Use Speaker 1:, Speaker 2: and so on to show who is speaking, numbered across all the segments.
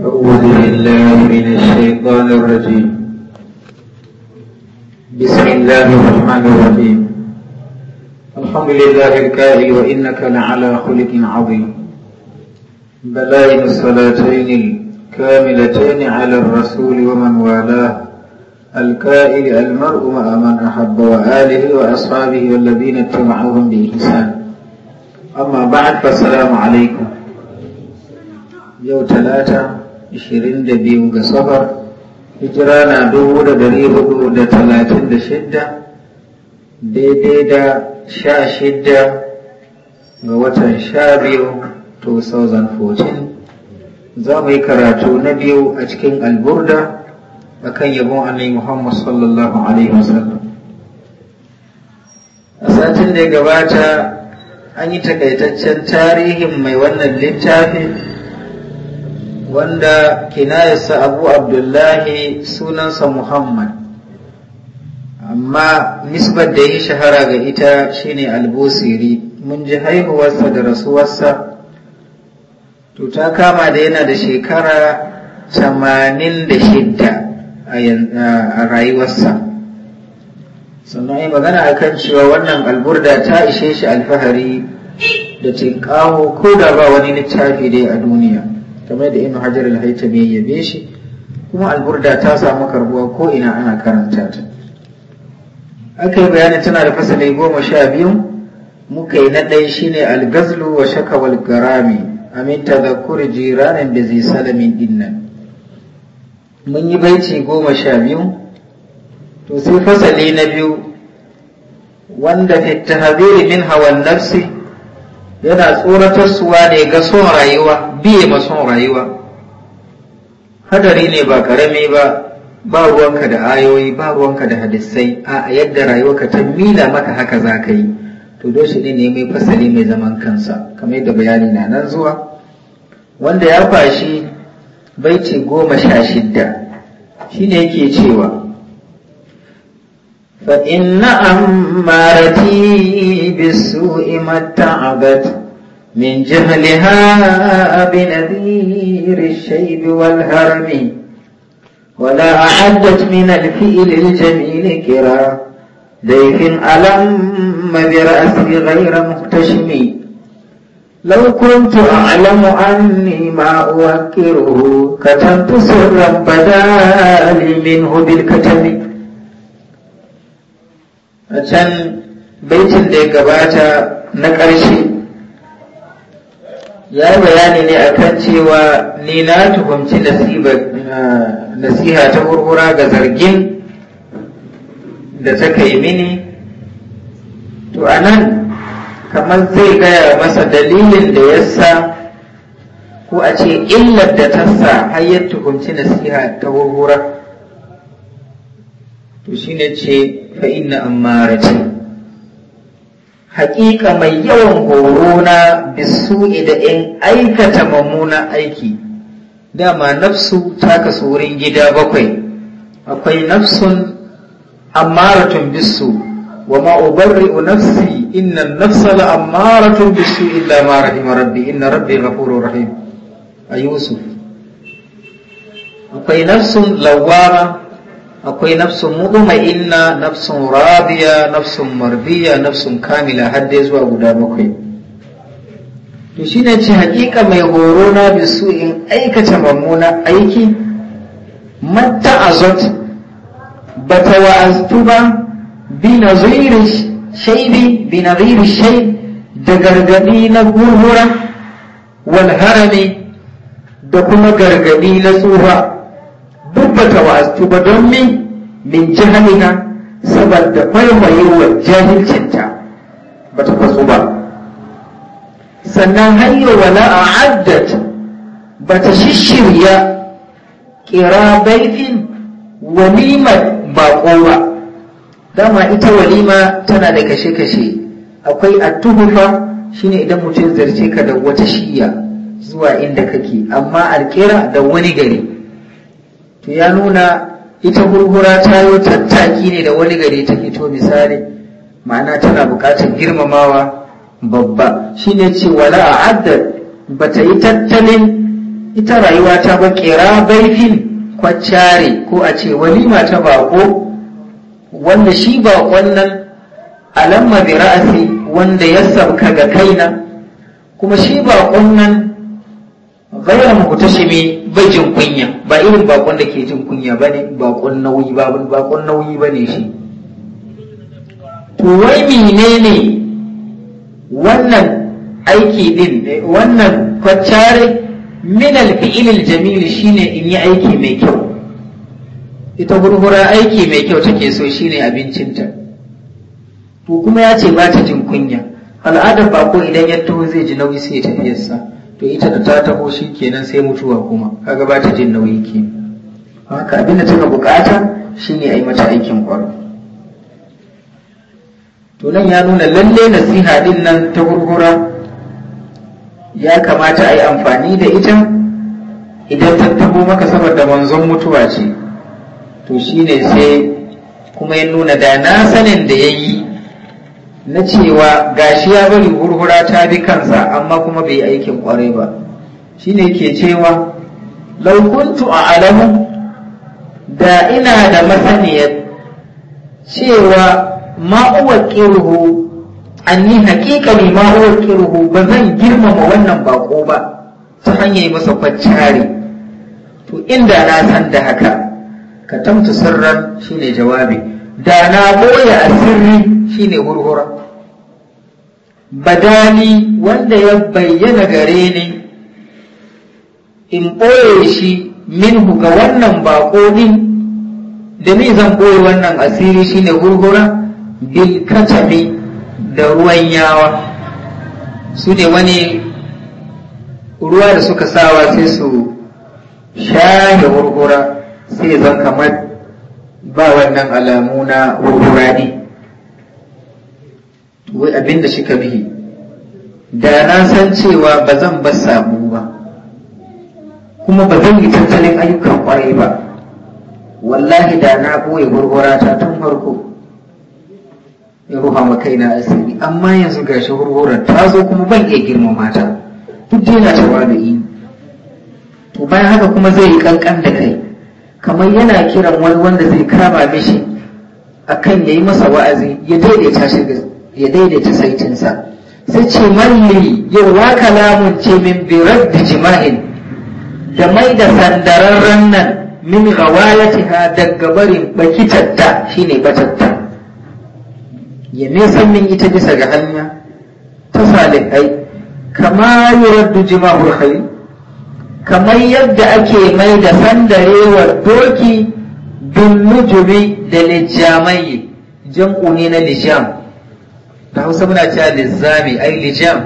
Speaker 1: أعوذ بالله من الشيطان الرجيم بسم الله الرحمن الرحيم الحمد لله الكائي وإنك لعلى خلق عظيم بلائم الصلاتين الكاملتين على الرسول ومن والاه الكائل المرء مع من أحب وآله وأصحابه والذين اتبعوهم بإحسان أما بعد فالسلام عليكم يوم ثلاثة Ishirin da biyu ga safar hijira na dubu da da da talatin shidda daidai da sha shidda ga watan biyu 2014 za mu yi karatu na biyu a cikin alburda a kan yabon annai muhammad sallallahu alaihi wasallam a satin da ya gabata an yi takaitaccen tarihin mai wannan littafin wanda kinayarsa abu abdullahi sunansa muhammad amma nisbar da yi shahara ga ita shine albusiri mun ji haihuwarsa da rasuwarsa to ta kama da yana da shekara 86 a rayuwarsa sannan yi magana a kan cewa wannan alburda ta ishe shi alfahari da ce ko da ba wani littafi dai a duniya kamar da ibn hajar al-haytami ya yabe shi kuma alburda ta samu karbuwa ko ina ana karanta ta aka yi bayanin tana da fasali goma sha biyu muka yi na ɗaya shine gazlu wa wal garami amin tadakkur jiranin da zai salamin dinnan mun yi baici goma sha biyu to sai fasali na biyu wanda fi min hawan nafsi yana tsoratarsuwa ne ga son rayuwa biye son rayuwa hadari ne ba karami ba ba ruwanka da ayoyi ba ruwanka da hadisai a yadda rayuwarka ta mila maka haka za ka yi to doshi ne ne mai fasali mai zaman kansa kamar yadda bayani na nan zuwa wanda ya fashi baiti goma sha shidda shine yake cewa فإن أمارتي بالسوء متعبت من جهلها بنذير الشيب والهرم ولا أحدت من الفئل الجميل كرا ضيف ألم برأسي غير مهتشم لو كنت أعلم أني ما أوكره كتمت سرا بدا لي منه بالكتم أجل بيت اللي قباتا نكرشي ya bayani ne a kan cewa ni na tuhumci ah, nasiha ta hurhura ga zargin da ta kai mini to a nan kamar zai gaya masa dalilin da ya sa ko a ce illar da ta sa har ya tuhumci nasiha ta hurhura to shi ne ce fa inna ammarati haƙiƙa mai yawan horo na bisu da in aikata mummuna aiki dama nafsu ta kasu wurin gida bakwai akwai nafsun ammaratun bisu wa u nafsi inna nafsa la ammaratun bisu illa ma rahima rabbi inna rabbi ghafurur rahim a yusuf akwai nafsun lawama akwai nafsun illa, nafsun radiya nafsun marbiya nafsun kamila har dai zuwa guda bakwai to shine ce haƙiƙa mai horo na bisu in aikata mammuna aiki matta azot bata wa'aztu ba bi naziri shai da gargadi na gurgura wal harami da kuma gargadi na tsufa Dubbata ba ta wasu ba don min min jahilina saboda wa jahilcinta ba ta kasu ba sannan hanyar wala a addat ba ta shishirya kira baifin walimar baƙo ba dama ita walima tana da kashe-kashe akwai tuhufa shine idan mutum zarce ka da wata shiya zuwa inda kake amma alƙira da wani gari to ya nuna ita gurgura ta yi tattaki ne da wani gari ta fito misali ma'ana tana bukatar girmamawa babba ne ce wala a addar ba ta yi tattalin ita rayuwa ta ba ƙera baifin kwaccare ko a ce walima ta bako wanda shi ba nan alamma bi ra'asi wanda ya sabka ga kaina kuma shi ba nan ta shi bai jin kunya ba irin bakon da ke jin kunya ba ne bakon nauyi ba bakon nauyi ba ne shi to wai ne wannan aiki din wannan kwacare min alfi'il jamil shine in yi aiki mai kyau ita gurgura aiki mai kyau take so shine abincinta to kuma ya ce ba ta jin kunya al'adar bako idan ya taho zai ji nauyi sai ya tafiyarsa to ita da ta taho shi kenan sai mutuwa kuma kaga ba ta jin nauyi ke haka abin da take bukata shine a yi mata aikin kwaro to nan ya nuna lalle nasiha din nan ta gurgura, ya kamata a yi amfani da ita idan ta tabo maka saboda manzon mutuwa ce to shine sai kuma ya nuna da na sanin da ya yi na cewa gashi ya bari hurhura ta bi kansa amma kuma bai yi aikin kwarai ba shine ke cewa laukuntu a alamu da ina da masaniyar cewa ma'uwar ƙirhu yi haƙiƙa ne ma'uwar ƙirhu ba zan girmama wannan bako ba ta hanyar masa kwacciyari to inda na san da haka ka tamta sirran shine jawabi da na boye sirri ne hurhura badani wanda ya bayyana gare ni in ɓoye shi minhu ga wannan bako din da ni zan ɓoye wannan asiri ne hurhura bil katami da ruwan yawa su ne wani ruwa da suka sawa sai su shaye hurhura sai zan kamar ba wannan alamu na hurhura ne wai abin da shi bihi da na san cewa ba zan bar samu ba kuma ba zan yi tattalin ayyukan kwarai ba wallahi da na boye ta tun farko ya ruha ma na asiri amma yanzu gashi shi ta zo kuma ban iya girmama ta duk dai na yi to bayan haka kuma zai yi kankan da kai kamar yana kiran wani wanda zai kama mishi akan yayi masa wa'azi ya daidaita shi ya daidaita saitinsa sai ce malli yau wa kalamun ce min birar da jima'in da mai da sandaran nan min ha daga barin bakitatta shine batatta ya nisan min ita bisa ga hanya ta salihai kama yuraddu jima'ul hali. kamar yadda ake mai da sandarewar doki bin mujubi da lijamai jam'u ne na lijam da hausa muna cewa lizami ai lijam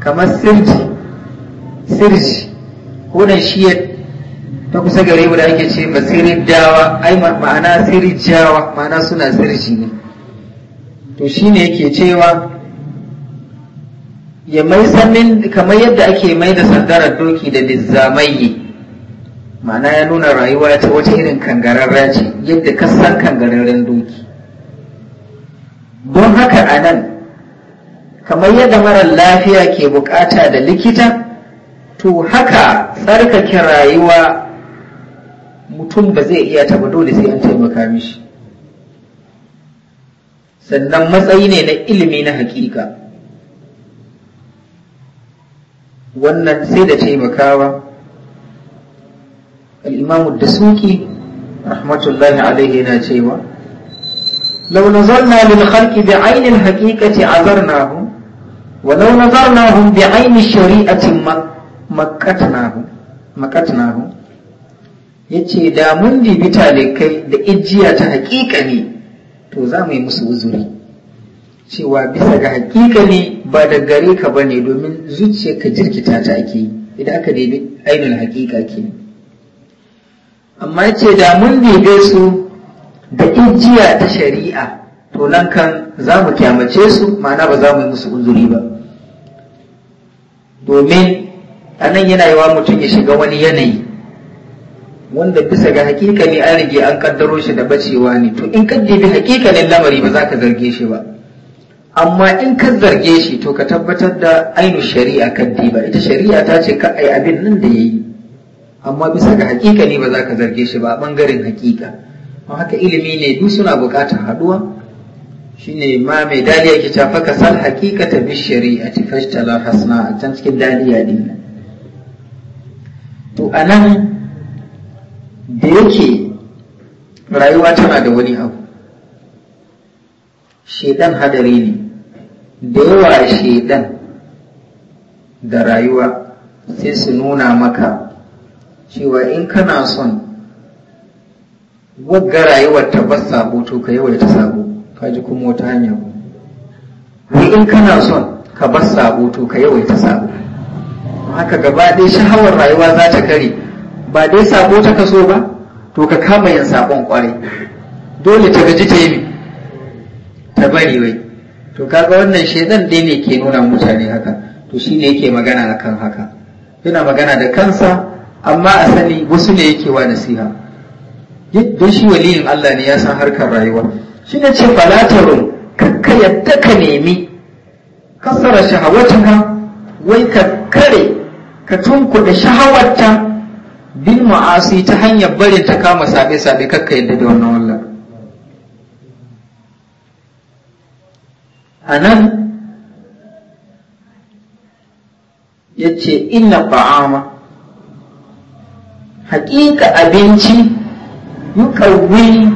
Speaker 1: kamar sirji sirji ko da shi ta kusa gare mu da ake ce basirin dawa ai ma'ana sirjawa ma'ana suna sirji ne to shi ne yake cewa ya mai sannin kamar yadda ake mai da sandarar doki da lizzamai ma'ana ya nuna rayuwa ta wata irin kangararra ce yadda kasan kangararren doki don haka a nan kamar yadda marar lafiya ke bukata da likita to haka tsarkake rayuwa mutum ba zai iya taba dole sai an taimaka mishi sannan matsayi ne na ilimi na hakika wannan sai da taimakawa al'imamu da suki rahmatullahi alaihi yana cewa لو نظرنا للخلق بعين الحقيقة عذرناهم ولو نظرناهم بعين الشريعة مكتناهم مكتناهم yace da mun bibi talikai da ijiya ta hakika ne to za mu yi musu uzuri cewa bisa ga hakika ne ba da gare ka ba ne domin zuciya ka jirgi ta take, idan aka daidai ainihin ke amma yace da mun bibe su da ijiya ta shari'a to nan kan za mu kyamace su ma'ana ba za mu yi musu uzuri ba domin a nan yana yawa mutum ya shiga wani yanayi wanda bisa ga hakika ne an rige an kaddaro shi da bacewa ne to in ka hakika hakikanin lamari ba za ka zarge shi ba amma in ka zarge shi to ka tabbatar da ainu shari'a kan ba ita shari'a ta ce ka ai abin nan da yayi amma bisa ga hakika ne ba za ka zarge shi ba bangaren hakika haka ilimi ne duk suna buƙatar haɗuwa shine ma mai daliya ke tafa ka sal hakikata bi shari'ati fashtala hasna a can cikin daliya din to anan da yake rayuwa tana da wani abu shedan hadari ne da yawa shedan da rayuwa sai su nuna maka cewa in kana son wagga rayuwar ta ba sabo to ka yawaita sabo ka ji kuma wata hanya Ni in kana son ka ba sabo to ka yawaita sabo haka gaba ɗaya shahawar rayuwa za ta kare ba dai sabo ta so ba to ka kama yin sabon kwarai dole ta gaji ta yi ta bari wai to kaga wannan shedan dai ne ke nuna mutane haka to shi ne yake magana akan haka yana magana da kansa amma a sani wasu ne yake wa nasiha don shi waliyin Allah ne ya san harkar rayuwa shi ne ce falatarun kakka yadda ka nemi kasara ha wai ka kare ka tunkuɗe shahawarta bin ma'asi ta hanyar barin ta kama sabe-sabe kakka yadda da wannan wallah a nan ya ce ina ba'ama haƙiƙa abinci yuqawwi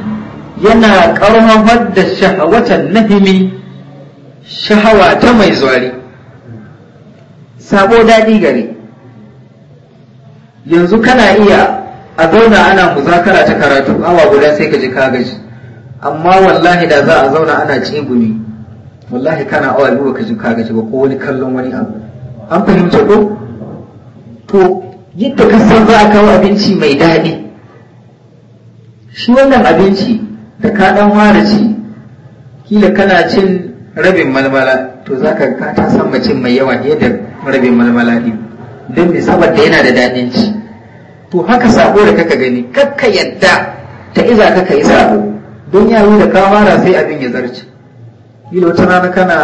Speaker 1: yana ƙarfafar da shahawatan nahimi shahawa ta mai zuwari sabo daɗi gare yanzu kana iya a zauna ana muzakara ta karatu awa guda sai ka ji ka gaji amma wallahi da za a zauna ana cibuni wallahi kana awa biyu ka ji ka gaji ba ko wani kallon wani abu an fahimta ko to yadda ka san za a kawo abinci mai daɗi shi wannan abinci da ka dan ware ci kila kana cin rabin malmala to za ka kata ta san cin mai yawa ne da rabin malmala ne don mai saboda yana da daɗin ci to haka sabo da kaka gani kakka yadda ta iza kaka yi sabo don yayi da ka fara sai abin ya zarce kila wata rana kana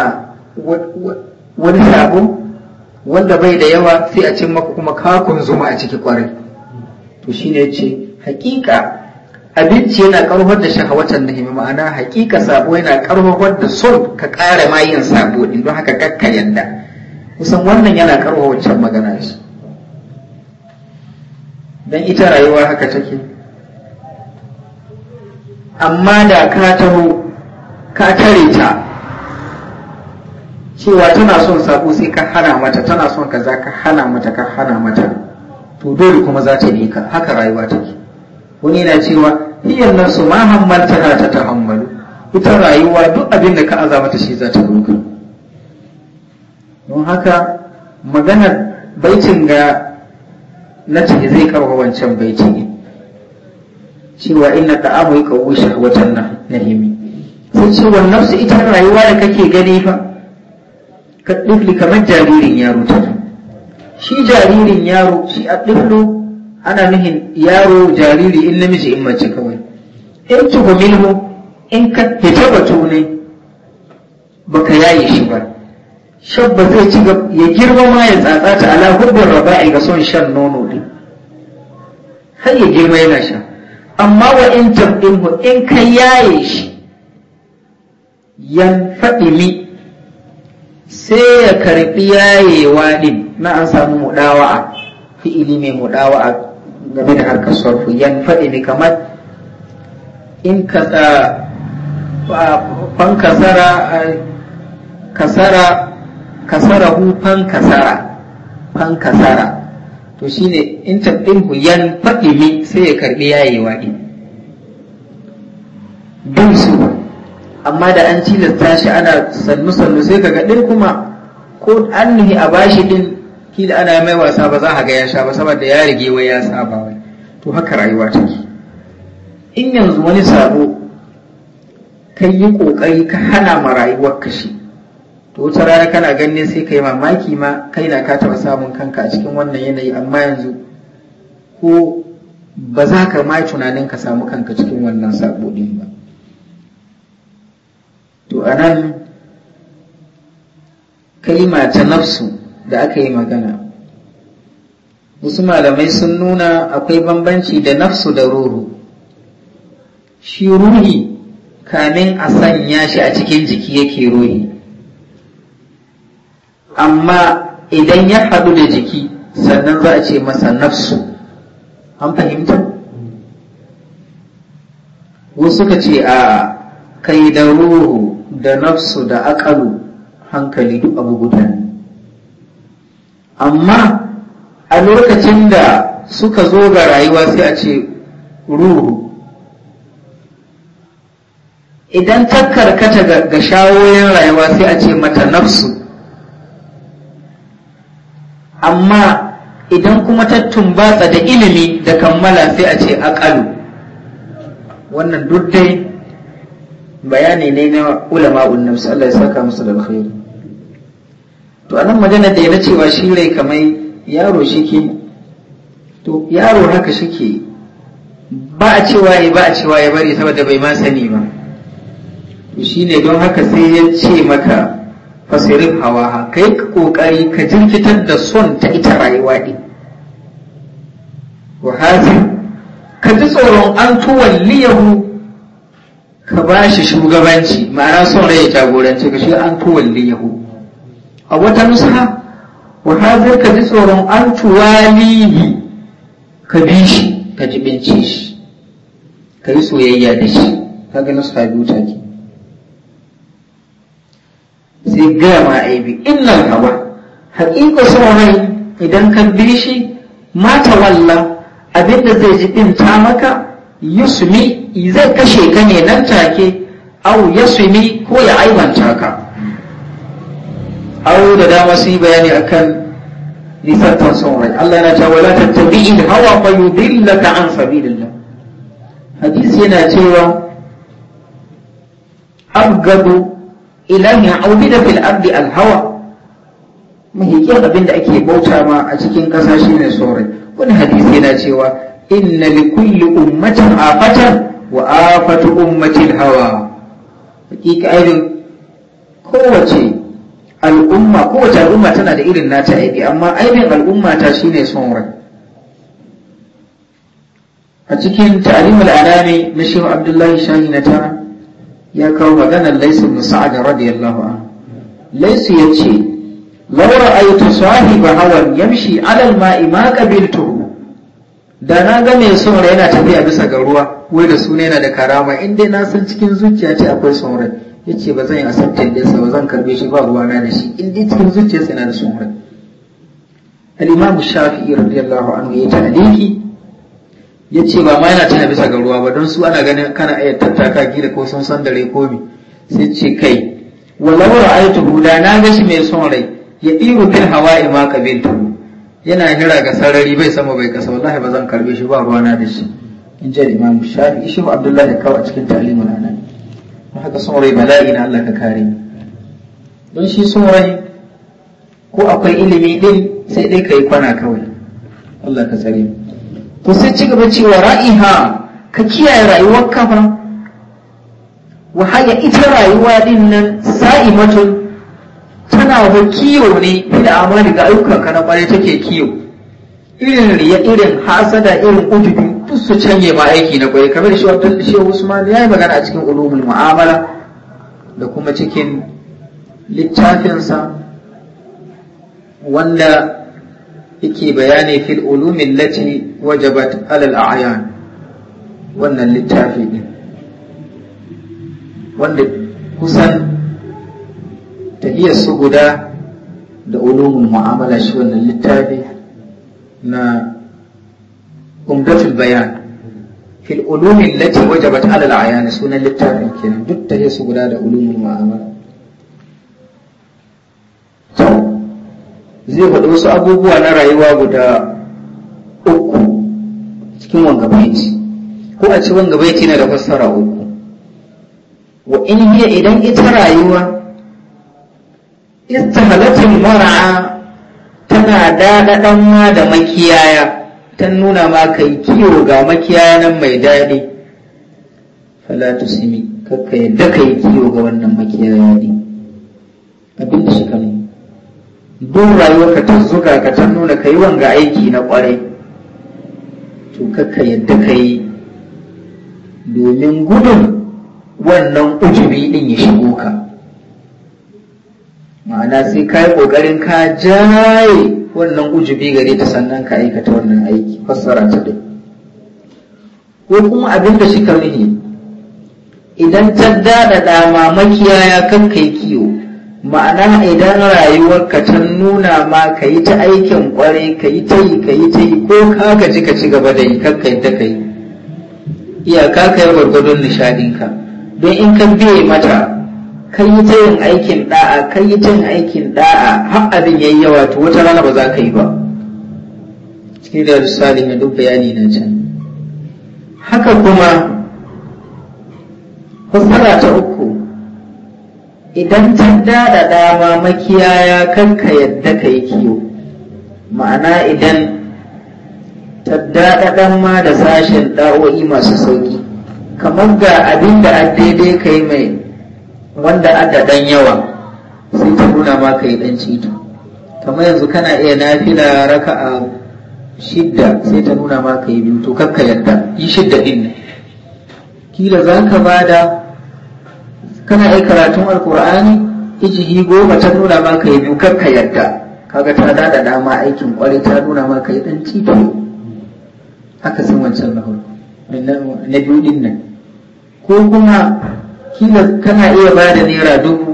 Speaker 1: wani sabo wanda bai da yawa sai a cin maka kuma kakun zuma a ciki kwarai to shine ce hakika abinci yana karuwar da shahawatan da himi, ma'ana hakika sabo yana karuwar da son ka ƙara ma yin sabo din don haka kakka yanda kusan wannan yana karfa wancan magana shi don ita rayuwa haka take amma da ka taro ka tare ta cewa tana son sabo sai ka hana mata tana son kaza ka hana mata ka hana mata to dole kuma za ta bi ka haka rayuwa take wani na cewa hiyar nafsu ma hammanta ta tahammalu ita rayuwa duk abin da ka aza mata shi za ta roka don haka maganar baitin ga na ce zai karwa wancan baiti ne cewa ina ka amu yi kawo watan na Sun sai cewa nafsu ita rayuwa da kake gani fa ka ɗifli kamar jaririn yaro ta shi jaririn yaro shi a ɗiflo ana nuhin yaro jariri in namiji in mace kawai in ku minhu in ka fita batu ne baka yaye shi ba shabba zai ci ya girma ya tsatsa ta ala hubbin raba'i ga son shan nono din har ya girma yana sha amma wa in tabdinhu in ka yaye shi yan fadimi sai ya karɓi yayewa din na an samu mudawa'a fi'ili mai mudawa'a game da harkar sarfu yan faɗi ne kamar in fan kasara kasara kasara hu fan kasara fan kasara to shine in tabbin hu yan faɗi ne sai ya karɓi yayewa ɗin bin su amma da an cilasta shi ana sannu sannu sai kaga ɗin kuma ko an nuhi a bashi ɗin kila ana mai wasa ba za a ga ya sha ba saboda ya rige wai ya saba wai to haka rayuwa take in yanzu wani sabo kai yi kokari ka hana ma rayuwar ka shi to wata rana kana ganin sai kai mamaki ma kai na ka taba samun kanka a cikin wannan yanayi amma yanzu ko ba za ka ma tunanin ka samu kanka cikin wannan sabo din ba to anan kalima ta nafsu da aka yi magana wasu malamai sun nuna akwai bambanci da nafsu da ruhu shi ruhi kamin a sanya shi a cikin jiki yake ruhi amma idan ya haɗu da jiki sannan za a ce masa nafsu an fahimta wasu suka ce a kai da ruhu da nafsu da akalu hankali duk abu guda ne amma a lokacin da suka zo ga rayuwa sai a ce ruhu idan ta karkata ga shawoyin rayuwa sai a ce mata nafsu amma idan kuma ta tumbatsa da ilimi da kammala sai a ce akalu wannan duk dai bayani ne na ulama'un nafsu Allah ya saka musu da alkhairi to anan magana da yana cewa shi rai kamai yaro shi ke to yaro haka shi ke ba a cewa ya ba a cewa ya bari saboda bai ma sani ba to ne don haka sai ya ce maka fasirin hawa kai ka kokari ka jirkitar da son ta ita rayuwa ɗin wa ka ji tsoron an liyahu. ka ba shi shugabanci ma'ana son rai ya jagoranci ka shi an liyahu. a wata nusa wa zai ka ji tsoron an tuwalihi ka bi shi ka ji binci shi ka yi soyayya da shi ka ga nusa biyu ke. sai gaya ma bi innan hawa haƙiƙa son idan ka bi shi mata walla abinda zai ji ta maka yusumi zai kashe ka ne nan take au ya yasumi ko ya aibanta ka au da dama sun yi bayani akan nisantar son rai Allah yana cewa la tattabi'il hawa fa yudillaka an sabilillah hadisi yana cewa abgadu ilahin aubida fil ardi alhawa, hawa mahikin abin da ake bauta ma a cikin kasa shine sorai wani hadisi yana cewa inna li kulli ummatin afatan wa afatu ummatil hawa hakika kowace al'umma kowace al'umma tana da irin nata aibi amma aibin al'umma ta shine son rai a cikin ta'limul anami na shehu abdullahi shani na tara ya kawo maganar laisu ibn sa'ad radiyallahu an laisu yace law ra'aytu sahiba hawan yamshi 'ala al-ma'i ma qabiltu da na ga mai son rai yana tafiya bisa ga ruwa wai da suna yana da karama in dai na san cikin zuciya ce akwai son rai ya ce ba zan yi asabtin ɗinsa ba zan karbe shi ba ruwana da shi in dai cikin zuciyarsa yana da sun rai al-imam shafi'i radiyallahu anhu ya ta'aliki ya ce ba ma yana tana bisa ga ruwa ba don su ana ganin kana iya tattaka gida ko sun san dare ko mi sai ce kai walau ra'aytu huda na ga shi mai son rai ya iru bil hawa'i ma kabintu yana hira ga sarari bai sama bai kasa wallahi ba zan karbe shi ba ruwana da shi in ji al-imam shafi'i shi Abdullahi kawai a cikin talimin nan haka son rai bala'i Allah ka kare don shi son ko akwai ilimi din sai dai ka yi kwana kawai Allah ka tsare to sai ci gaba cewa ra'iha ka kiyaye rayuwar ka fa wa haya ita rayuwa din nan sa'imatun tana da kiyo ne da amali ga ayyukan ka na bare take kiyo irin riya irin hasada irin ujubi duk su canje ma aiki na kwaye kamar shi wata shi Usman ya yi magana a cikin ulumul mu'amala da kuma cikin littafinsa wanda yake bayani fil ulumin lati wajabat alal a'yan wannan littafi ne wanda kusan ta iya su guda da ulumul mu'amala shi wannan littafi na umdatul bayan fil ulumin lati wajabat alal ayani sunan littafin kenan duk ta su guda da ulumin ma'amala zai faɗi wasu abubuwa na rayuwa guda uku cikin wanga baiti ko a ci wanga baiti na da fassara uku wa in hiya idan ita rayuwa istihalatin mar'a tana daɗaɗan ma da makiyaya ta nuna ma kai kiwo ga makiyaya mai daɗi fala tusimi kakka yadda ka yi kiwo ga wannan makiyaya abin da suka nuna duk rayuwarka ta zuga ka ta nuna ka yi wanga aiki na ƙwarai to kakka yadda ka yi domin gudun wannan ujubi ɗin ya shigo ka ma'ana sai ka yi ƙoƙarin ka jaye wannan ujubi gare ta sannan ka aikata wannan aiki fassara ta dai ko kuma abin da shi karni idan ta dada dama makiyaya kan kai kiyo ma'ana idan rayuwarka ta nuna ma ka yi ta aikin kwarai ka yi ta yi ka yi ta yi ko ka gaji ka ci gaba da yi kan kai ta kai iyaka ka yi gwargwadon nishadinka don in ka biye mata kai yi ta yin aikin da'a kai yi ta yin aikin da'a har abin yayi yawa to wata rana ba za ka yi ba cikin da salihin duk bayani na can haka kuma fassara ta uku idan ta dada dama makiyaya kanka yadda ka yi kiyo ma'ana idan ta dada dan ma da sashen da'o'i masu sauki kamar ga abinda da daidai ka mai wanda adda dan yawa sai ta nuna maka yi dan cito kamar yanzu kana iya nafila raka'a shidda sai ta nuna maka yi biyu to kakka yadda yi shidda din kila za ka bada kana iya karatun alkur'ani ijihi goma ta nuna maka yi biyu kakka yadda kaga ta da dama aikin kwari ta nuna maka yi dan cito haka sun wancan na farko na biyu din nan ko kuma kila kana iya ba da naira dubu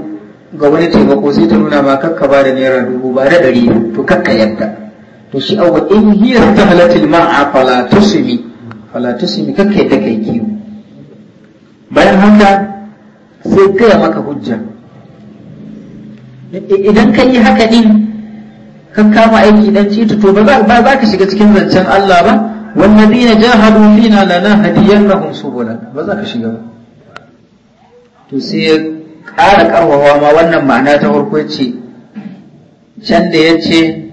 Speaker 1: ga wani taimako sai ta nuna ma kakka ba da naira dubu ba da ɗari to kakka yadda to shi awa in hiyar ta halatul ma'a fala tusimi fala tusimi kakka yadda kai kiwo bayan haka sai gaya maka hujja idan ka yi haka din kan kama aiki dan cito to ba za ka shiga cikin zancen Allah ba wannadina jahadu fina lana hadiyannahum subulan ba za ka shiga ba to sai ya ƙara ƙarfafa ma wannan ma'ana ta farko ce can da ya ce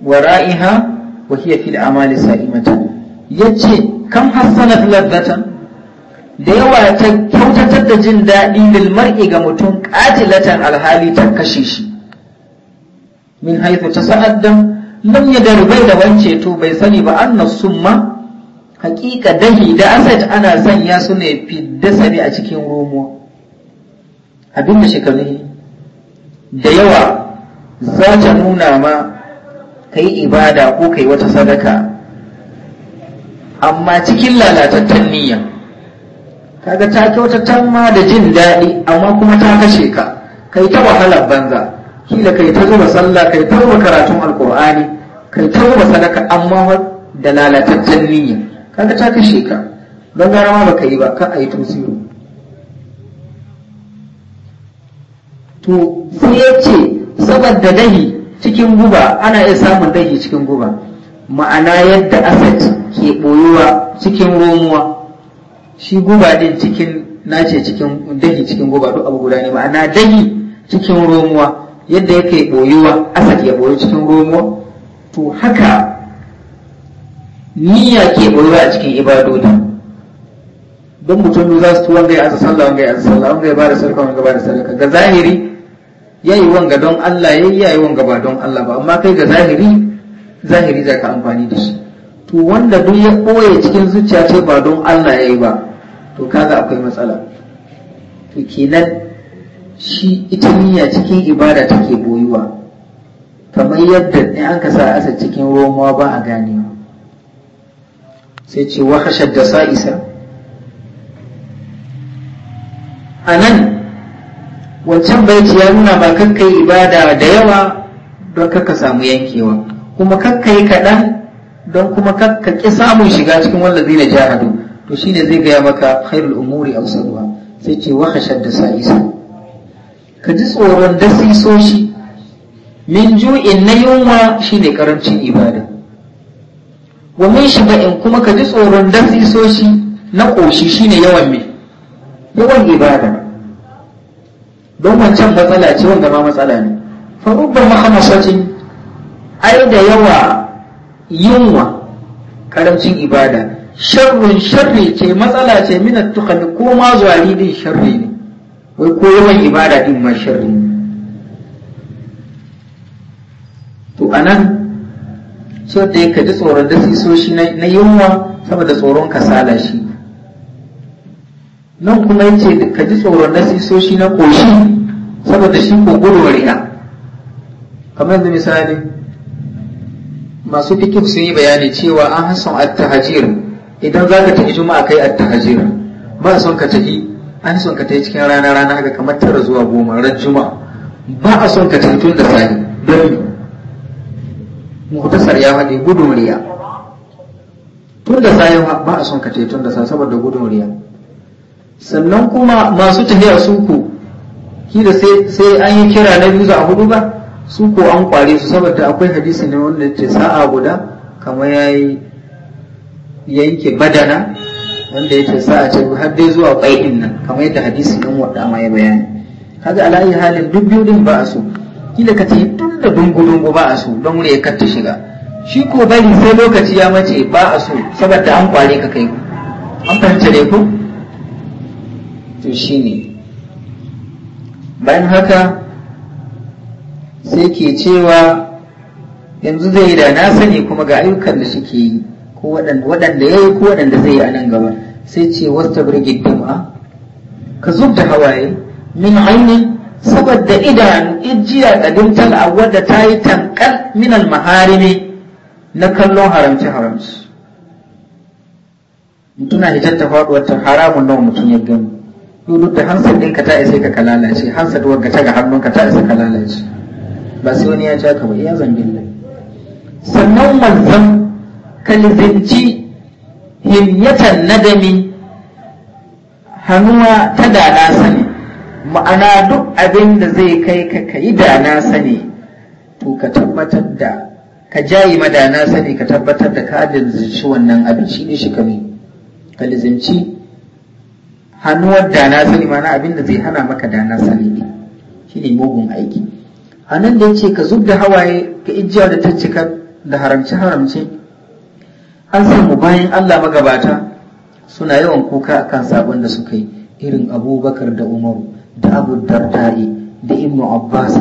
Speaker 1: wa ra'iha wa hiya fil amali sa'imata ya ce kam hassanat ladzatan da yawa ta kyautatar da jin daɗi lil mar'i ga mutum qatilatan alhali ta kashe shi min haythu tasaddam lam yadar bai da wance to bai sani ba annas summa haƙiƙa dahi da asad ana sanya su ne fi dasari a cikin romo abinda shi ka da yawa za ta nuna ma ka yi ibada ko ka yi wata sadaka amma cikin lalatattun niyya kaga ta kyautata ma da jin daɗi amma kuma ta kashe ka kai ta wahalar banza kila kai ta zuba sallah kai ta zuba karatun alkur'ani kai ta zuba sadaka amma da lalatattun niyya kaga ta kashe ka don gara ma baka yi ba ka a yi to sai ya ce saboda dahi cikin guba ana iya samun dahi cikin guba ma'ana yadda asset ke boyuwa cikin romuwa shi guba din cikin nace cikin dahi cikin guba duk abu guda ne ma'ana dahi cikin romuwa yadda yake boyuwa asset ya boyu cikin romuwa to haka niyya ke boyuwa a cikin ibadodi don mutum za su tuwon gai aza sallah wanga ya sallah wanga ya bada sarka wanga bada sarka ga zahiri yayi wanga don Allah yayi yayi wanga ba don Allah ba amma kai ga zahiri zahiri zaka ka amfani da shi to wanda duk ya koya cikin zuciya ce ba don Allah yayi ba to kaga akwai matsala to kenan shi ita niyya cikin ibada take boyuwa kamar yadda in an ka sa asa cikin romawa ba a ganewa sai ce wa da sa'isa a nan wancan baiti ya nuna ba kakka yi ibada da yawa don kakka samu yankewa kuma kakka yi kaɗan don kuma kakka ƙi samun shiga cikin wanda zai na jahadu to ne zai gaya maka khairul umuri awsaduha sai ce wa da sa'isa ka ji tsoron dasisoshi min ju'in na yunwa shi ne karancin ibada wa min shi ba'in kuma ka ji tsoron dasisoshi na ƙoshi shi ne yawan mai yawan ibada don wancan matsala ce wanda ma matsala ne farubar ubba ai da yawa yunwa karamcin ibada sharrin sharri ce matsala ce minar tukali ko ma zuwa din sharri ne wai ko yawan ibada din ma sharri ne to anan so da ka ji tsoron dasisoshi na yunwa saboda tsoron kasala shi nan kuma ya ce ka ji tsoron nasisoshi na koshi saboda shi ko gudun riya kamar yanzu misali masu fikif sun yi bayani cewa an hasan attahajir idan za ka tafi juma'a kai attahajir ba son ka tafi an son ka tafi cikin rana rana haka kamar tara zuwa goma ran juma'a ba a son ka tafi tun da sani don muhtasar ya faɗi gudun riya tun da sani ba a son ka tafi tun da Sani saboda gudun riya sannan kuma masu tafiya su ko da sai an yi kira na biyu za a hudu ba su ko an kware su saboda akwai hadisi ne wanda ce sa'a guda kamar ya yi yanke badana wanda ya ce sa'a ce har dai zuwa ƙwaiɗin nan kamar yadda hadisi ɗin wadda ma ya bayani kaga alayi halin duk biyu din ba a so kila ka ce tun da dungu-dungu ba a so don wuri ya katta shiga shi ko bari sai lokaci ya mace ba a so saboda an kware ka kai an fahimta ne ku to ne bayan haka sai ke cewa yanzu zai da na sani kuma ga ayyukan da suke yi ko waɗanda ya yi ko waɗanda zai yi a nan gaba sai ce wasta birgit dama ka zub da hawaye min aini saboda idan ijiya dimtar a wadda ta yi tankal min almaharimi na kallon haramci haramci mutuna hijar ta faɗuwar ta haramun nawa mutum ya gani duk da hansar ɗinka ta isa ka lalace hansar ka ta ga hannunka ta isa ka lalace ba sai wani ya ja ka ba iya zambin lai sannan wanzan kalzinci himyatan nadami hannuwa ta da na sani ma'ana duk abin da zai kai ka kayi da na sani to ka tabbatar da ka jayi madana sani ka tabbatar da ka lizinci wannan abin shi ne shi ka ka lizinci hannuwar da na sani mana abin da zai hana maka da na sani ne shine mugun aiki a nan da yace ka zub da hawaye ka ijiya da ta cika da haramce haramce an samu bayan Allah magabata suna yawan kuka akan sabon da suka yi irin abubakar da umaru da abu dardari da ibnu abbas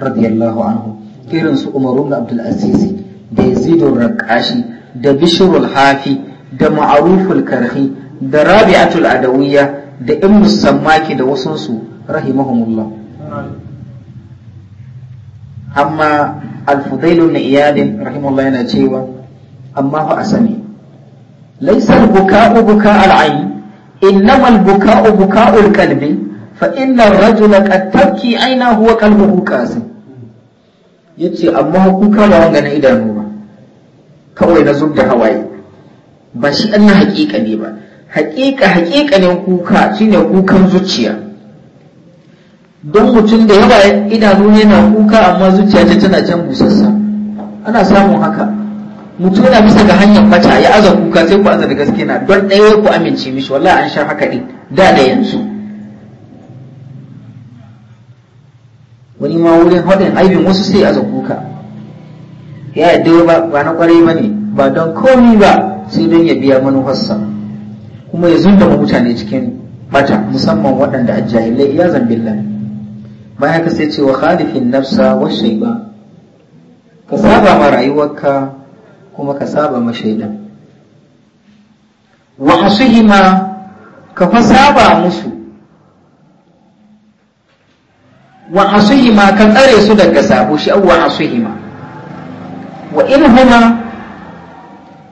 Speaker 1: radiyallahu anhu irin su umaru da abdul da yazidun rakashi da bishirul hafi da ma'aruful karhi da rabi'atul adawiyya da in musammaki da wasansu rahimahumullah amma alfudailu na iyalin rahimahullah yana cewa amma fa a sani laisar buka'u buka'al ayi innama albuka'u buka'ul kalbi fa inna rajula qad tabki aina huwa qalbuhu qasim yace amma kuka ba wanga na idanu ba kawai na zubda hawaye ba shi an haƙiƙa ne ba haƙiƙa ne kuka shine kukan zuciya don mutum da yawa idanu yana kuka amma zuciya ta tana can busassa ana samun haka mutum yana bisa ga hanyar bata ya aza kuka sai ku aza da gaske na don ɗaya ku amince mishi wallahi an sha haka ɗin da da yanzu wani ma wurin haɗin aibin wasu sai aza kuka ya yadda ba na ƙwarai ba ne ba don komi ba sai don ya biya manufarsa kuma ya zunda mutane cikin mata musamman waɗanda a jahilai ya zambilla baya ka sai cewa khalifin nafsa wa shaiba ka saba ma rayuwarka kuma ka saba ma shaidan wa hasuhima ka fa saba musu wa hasuhima ka tsare su daga sabo shi wa hasuhima wa in huma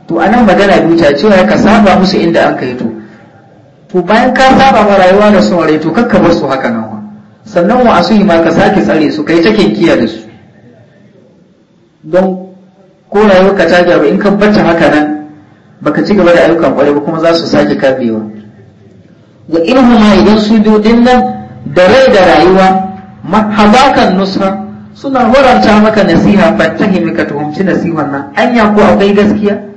Speaker 1: to anan magana biyu ta cewa ka saba musu inda an kai to to bayan ka saba ma rayuwa da son rai to kakka bar su haka nan sannan wa asu ma ka sake tsare su kai ta kinkiya da su don ko rayuwar ka ta gyaru in ka bata haka nan baka ci gaba da ayyukan kwarai ba kuma za su sake kafewa wa ilhuma idan su biyo din nan da rai da rayuwa mahabakan nusra suna horanta maka nasiha ka tuhumci nasihar nan anya ko akwai gaskiya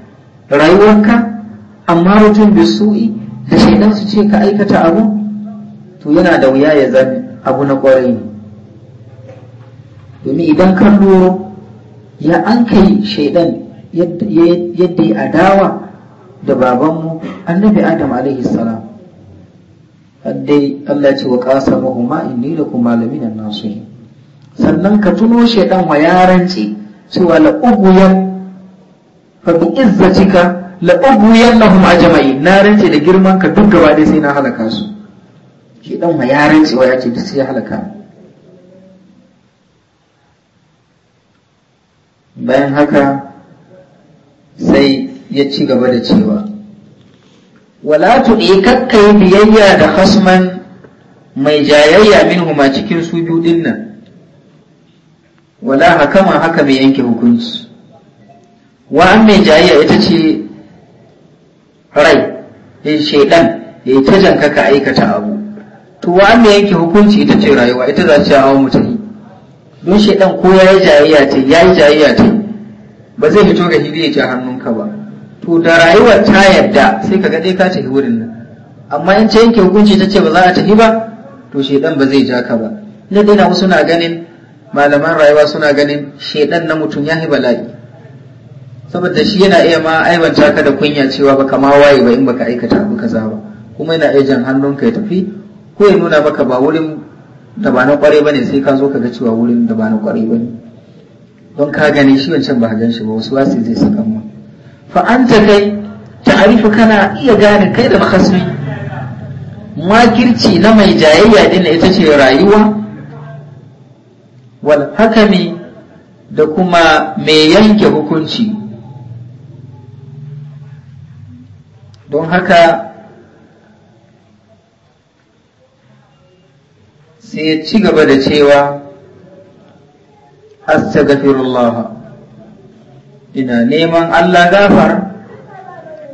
Speaker 1: rayuwarka amma mutum yi da shaidan su ce ka aikata abu to yana da wuya ya zama abu na kwarai ne domin idan kan loro ya an kai shaidan yadda ya adawa da babanmu annabi adam alaihi salam dai Allah ce wa ƙasa mahuma inni da kuma malamin nasu sannan ka tuno shaidan wa yaranci cewa la'ubuyar fa bi izzatika la ubwiyannahum ajma'in na rance da girman ka duk gaba dai sai na halaka su ke dan ma ya rance wa yake duk sai halaka bayan haka sai ya ci gaba da cewa wala tuɗi ikakka biyayya da hasman mai jayayya minhuma cikin su biyu dinnan wala hakama haka mai yanke hukunci wa an mai jayayya ita ce rai ya eh, shaidan ya yi ta janka ka aikata abu to wa an mai yanke hukunci ita ce rayuwa ita za ta hawa mutane don shaidan ko ya yi jayayya ta ya yi jayayya ta ba zai fito ga hibi ya ja hannunka ba to da rayuwar ta yadda sai ka ga ka tafi wurin nan amma in ce yanke hukunci ta ce ba za a tafi ba to shaidan ba zai ja ka ba ina dai na wasu na ganin malaman rayuwa suna ganin shaidan na mutum ya yi bala'i saboda shi yana iya ma aibanta ka da kunya cewa baka ma waye ba in baka aikata abu kaza ba kuma yana iya jan hannunka ya tafi ko ya nuna maka ba wurin da ba na kware bane sai ka zo ka ga cewa wurin da ba na kwarai bane don ka gani, shi wancan ba gan shi ba wasu wasi zai saka mu fa anta kai ta'rifu kana iya gane kai da khasmi makirci na mai jayayya din ita ce rayuwa wal hakami da kuma mai yanke hukunci don haka sai ya ci gaba da cewa astagfirullah ina neman Allah gafar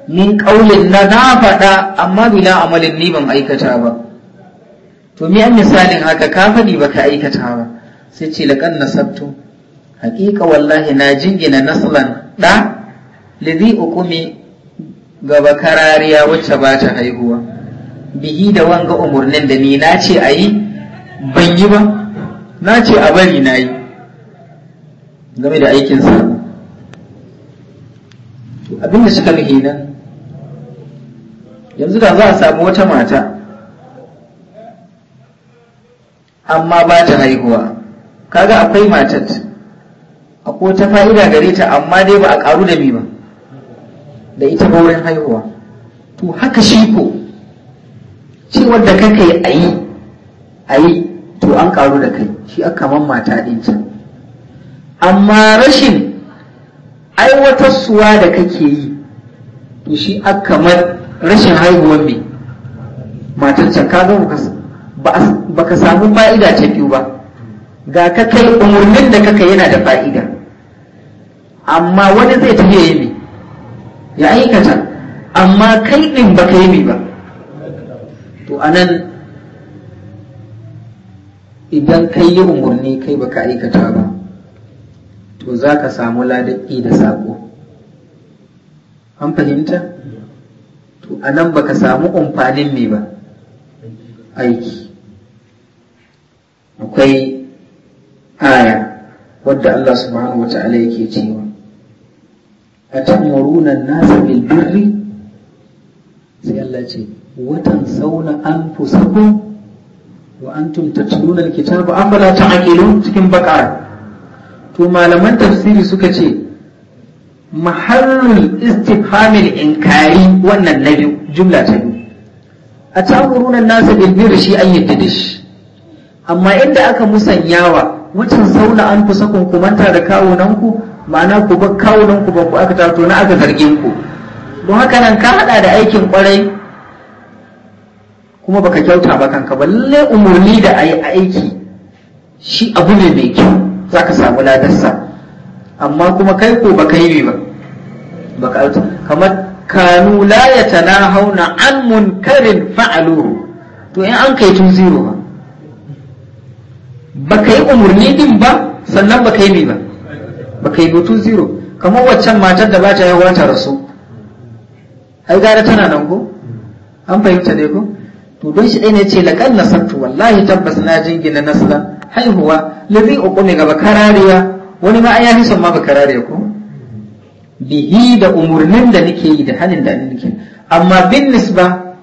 Speaker 1: min ƙaunin na na faɗa amma bila amalin ni ban aikata ba to mi an misalin haka ka faɗi ka aikata ba sai ce laƙan na sabtu haƙiƙa wallahi na jingina naslan ɗa lidhi ukumi gaba karariya wacce ba ta haihuwa bihi da wanga umarnin da ni na ce a yi ban yi ba na ce a bari na yi game da aikinsa abinda suka nuhi nan yanzu da za a samu wata mata amma ba ta haihuwa kaga akwai matat akwai ta fa'ida gare ta amma dai ba a ƙaru da mi ba da ita ba wurin haihuwa to haka shi ko cewar da kake a yi a yi to an karu da kai shi aka man mata ɗin can amma rashin aiwatarsuwa da kake yi to shi aka man rashin haihuwar mai matan can ka zo ba ka samu fa'ida ta biyu ba ga ka kai umarnin da kaka yana da fa'ida amma wani zai tafiya yi ya aikata amma kai ɗin ba ka yi mai ba to a idan kai yi umarni kai ba ka aikata ba to za ka samu ladabi da saƙo an fahimta to a ba ka samu amfanin mai ba aiki akwai aya wadda Allah subhanahu wa ta'ala yake cewa أتأمرون الناس بالبر sai Allah ce watan sauna an fusaku wa antum tatluna alkitaba afala ta'qilun cikin bakara to malaman tafsiri suka ce mahallul istifhamil inkari wannan na biyu jumla ta biyu a ta'muruna an-nas bil birri shi an yaddish amma inda aka musanyawa watan sauna an fusaku ku manta da kawunanku. ma'ana ku ba kawunan ku ba ku aka tato na aka zargin ku don haka nan ka hada da aikin kwarai kuma baka kyauta ba kanka ba lalle umarni da ayi aiki shi abu ne mai kyau zaka samu ladarsa amma kuma kai ko baka yi ba baka kamar kanu la yatanahawna an munkarin fa'aluhu to in an kai tun zero ba baka yi umarni din ba sannan baka yi ba ba yi go to zero kamar waccan matar da ba ta yawa ta rasu ai gara tana nan ko an fahimta ne ko to don shi ɗaya ne ce laƙal nasartu wallahi tabbas na jingina nasla haihuwa lazi uku ne gaba karariya wani ma ya ma ba karariya ko bihi da umurnin da nake yi da halin da nake amma bin nisba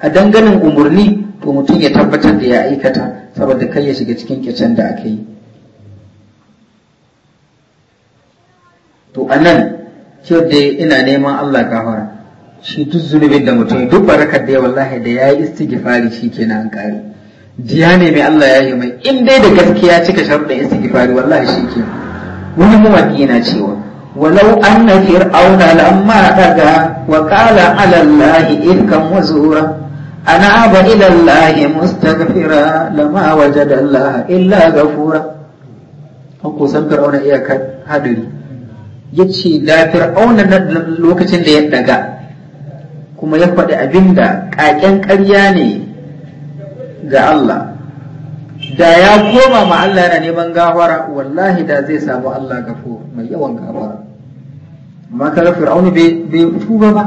Speaker 1: a danganin umurni to mutum ya tabbatar da ya aikata saboda kai ya shiga cikin kyacen da aka yi to a nan ce da ina neman Allah gafara shi duk zunubin da mutum duk barakar da wallahi da ya yi yayi istighfari shi ke na hankali. jiya ne mai Allah ya yi mai in dai da gaskiya cika da sharuɗin istighfari wallahi shi ke wani mawaƙi yana cewa walau anna auna lamma daga waƙala qala ala allahi irkan wazura ana aba ila allahi mustaghfira lama wajada allah illa ghafura ko san fir'auna iya haɗari. ya ce da fir'auna na lokacin da ya daga kuma ya faɗi abin da ƙaƙen ƙarya ne ga Allah da ya koma ma Allah yana neman gafara wallahi da zai samu Allah gafo mai yawan gafara amma kaga fir'auna bai tuba ba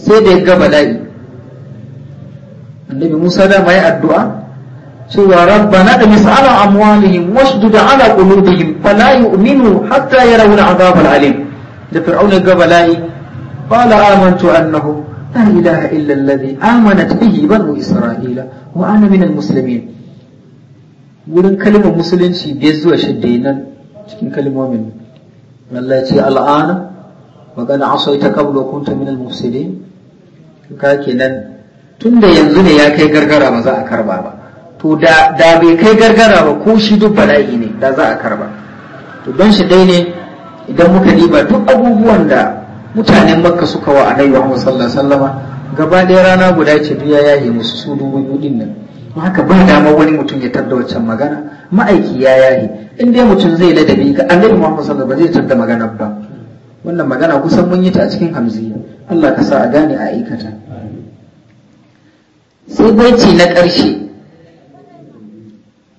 Speaker 1: sai da ya gaba bala'i annabi Musa da mai addu'a cewa rabbana da mis'ala amwalihim duda ala qulubihim fala yu'minu hatta a azabal alim da fir'auna ga bala'i qala amantu annahu la ilaha illa alladhi amanat bihi banu isra'ila wa ana min almuslimin wurin kalmar musulunci bai zuwa shidda nan cikin kalmomin Allah ce al'ana wa kana asaita qabla kunta min almufsidin ka kenan tunda yanzu ne ya kai gargara ba za a karba ba to da bai kai gargara ba ko shi duk bala'i ne da za a karba to don shi dai ne idan muka diba duk abubuwan da mutanen makka suka wa annabi Muhammad sallallahu alaihi wasallam gaba ɗaya rana guda ce biya ya yi musu su dubu biyu nan haka ba dama wani mutum ya tadda waccan magana ma'aiki ya yahi in dai mutum zai ladabi ga annabi Muhammad sallallahu alaihi wasallam ba zai tadda magana ba wannan magana kusan mun yi ta a cikin hamziya Allah ka sa a gane a aikata sai baiti na ƙarshe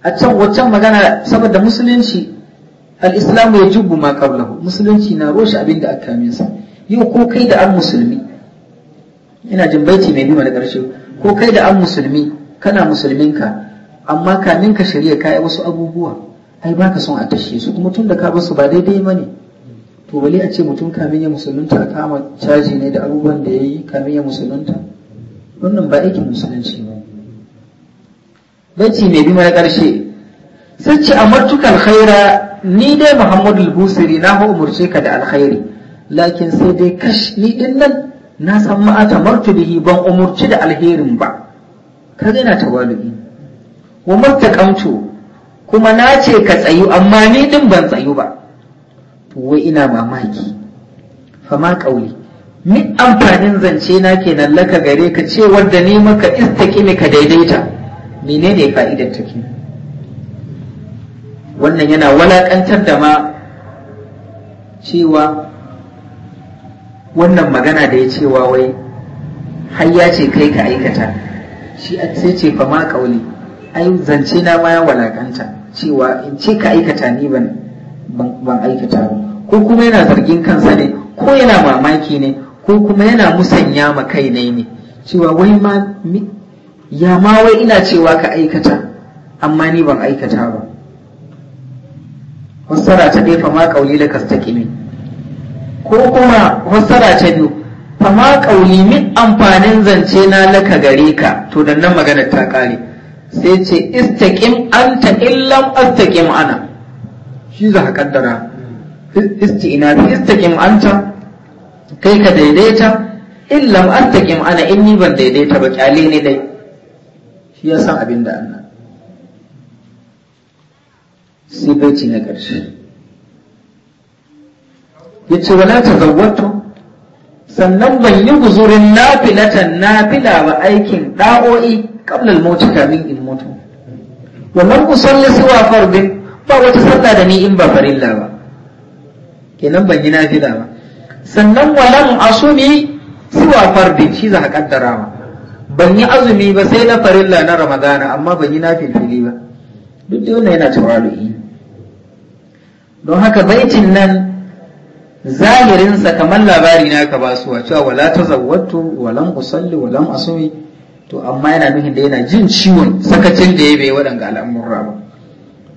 Speaker 1: a can waccan magana saboda musulunci Al'islamu ya jubu ma qablahu musulunci na roshe abin da aka sa yau ko kai da an musulmi ina jin baiti mai bima da ƙarshe ko kai da an musulmi kana musulminka amma kamin ka shari'a ka yi wasu abubuwa ai ba ka son a tashe su kuma tun da ka basu ba daidai ba ne to bali a ce mutum kamin ya musulunta a kama caji ne da abubuwan da ya yi kamin ya musulunta wannan ba aikin musulunci ba Baci mai bi na ƙarshe sai ce matukan khaira ni dai Muhammadu Busiri na ho umurce ka da alkhairi lakin sai dai kash ni din nan na san ma atamartu bihi ban umurci da alherin ba kaga yana tawalu'i wa martaqamtu kuma na ce ka tsayu amma ni din ban tsayu ba wai ina mamaki fama kauli ni amfanin zance na kenan laka gare ka ce wadda ni maka istaqimi ka daidaita menene fa'idar take wannan yana walakantar da ma cewa wannan magana da ya cewa wai har ya ce kai ka aikata shi sai ce fa ma kauli ai zance na ma ya walakanta cewa in ce ka aikata ni ban ban aikata ba ko kuma yana zargin kansa ne ko yana mamaki ne ko kuma yana musanya ma kai ne ne cewa wai ma ya ma wai ina cewa ka aikata amma ni ban aikata ba fassara ta ɗaya fama ƙauli da kastaƙimi ko kuma fassara ta biyu fama ƙauli min amfanin zance na laka gare ka to da nan maganar ta ƙare sai ce istaƙim anta illam astaƙim ana shi za ka kaddara isti'ina bi istaƙim anta kai ka daidaita illam astaƙim ana in ni ban daidaita ba ƙyale ne dai shi ya san abin da Allah sai baiti na ƙarshe ya ce wala ta zawwatu sannan ban yi guzurin nafilatan nafila wa aikin ɗa'o'i ƙablal mota kamin in mutu wannan kusan ya siwa farbin ba wata sallah da ni in ba farilla ba kenan ban yi nafila ba sannan walan asumi siwa farbin shi za a ƙaddara ban yi azumi ba sai na farilla na ramadana amma ban yi na filfili ba duk da wannan yana tawalu'i don haka baitin nan zahirinsa kamar labari na ka ba su cewa wala ta zawwatu walan usalli walan asumi to amma yana nuhin da yana jin ciwon sakacin da ya bai waɗanga al'amurra ba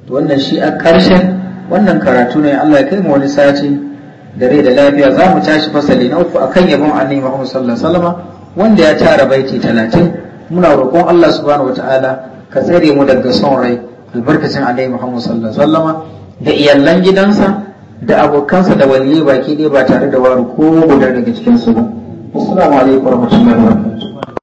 Speaker 1: to wannan shi a ƙarshen wannan karatu ne Allah ya kai mu wani sati da rai da lafiya za mu tashi fasali na uku akan yabon annabi Muhammad sallallahu alaihi wasallam wanda ya tara baiti talatin muna roƙon Allah subhanahu wataala ka tsare mu daga son rai albarkacin alai Muhammad sallallahu alaihi da iyallan gidansa da abokansa da waliyai baki ɗaya ba tare da waru ko guda daga cikin su ba assalamu alaikum warahmatullahi wabarakatuh